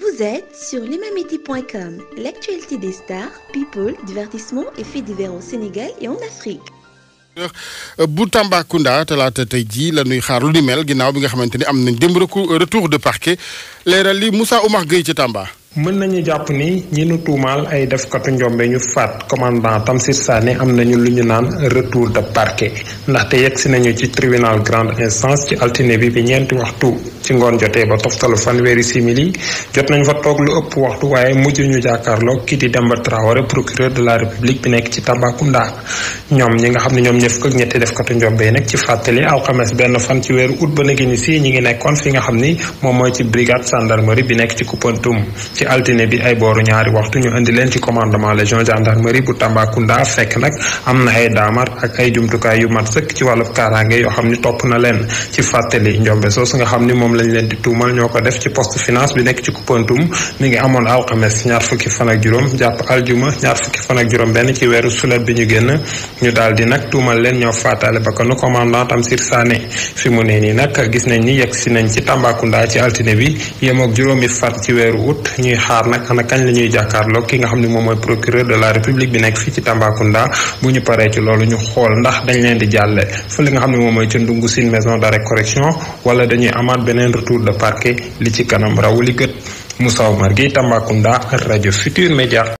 Vous êtes sur l'imamiti.com, l'actualité des stars, people, divertissement et faits divers au Sénégal et en Afrique. Euh, Boutamba Kunda, talaata tey jii la nuy xaar lu mel ginaaw bi nga xamanteni am nañ retour de parquet leeral li Moussa Omar Gueye ci Tamba. mën nañu japp ni ñi nu tuumaal ay defkatu njombe ñu faat commandant Tamsir Sané am nañu lu ñu naan retour de parquet ndaxte yegsi nañu ci tribunal grande instance ci altine bi bi ñeenti waxtu ci ngoon jotee ba toftalu fanweeri simili jot nañ fa toog lu ëpp waxtu waaye mujj ñu jàkkaarloo ki di Demba Traoré procureur de la république bi nekk ci Tambacounda ñoom ñi nga xam ne ñoom ñëf ko ñetti defkatu njombe yi nag ci fàttali alxames benn fan ci weeru août ba nagini si ñi ngi nekkoon fi nga xam ni moom mooy ci brigade gendarmerie bi nekk ci Koupantoum ci altine bi ay booru ñaari waxtu ñu indi leen ci commandement légion gendarmerie bu Tambacounda fekk nag am na ay daamar ak ay jumtukaay yu mat sëkk ci wàllu kaaraange yoo xam ni topp na leen ci fàttali njombe soosu nga xam ni moom lañ leen di tuumal ñoo ko def ci poste finance bi nekk ci Koupantoum mi ngi amoon alxames ñaar fukki fan ak juróom jàpp aljuma ñaar fukki fan ak juróom benn ci weeru sulet bi ñu génn ñu daal di nag tuumal leen ñoo fàttale bakkanu commandant Tamsir Sané fi mu ne nii nag gis nañ ni yegg si nañ ci Tambacounda ci altine bi yem ak juróomi far ci weeru août ñuy xaar nag ana kañ la ñuy jàkkaarloo ki nga xam ne moom mooy procureur de la république bi nekk fii ci Tambacounda bu paree ci loolu ñu xool ndax dañ leen di jàlle fa li nga xam ne moom mooy ca Ndungu Sine maison d'arrêt correction wala dañuy amaat beneen retour de parquet li ci kanam rawu li gët Moussa Oumar Gueye Tambacounda rajo Média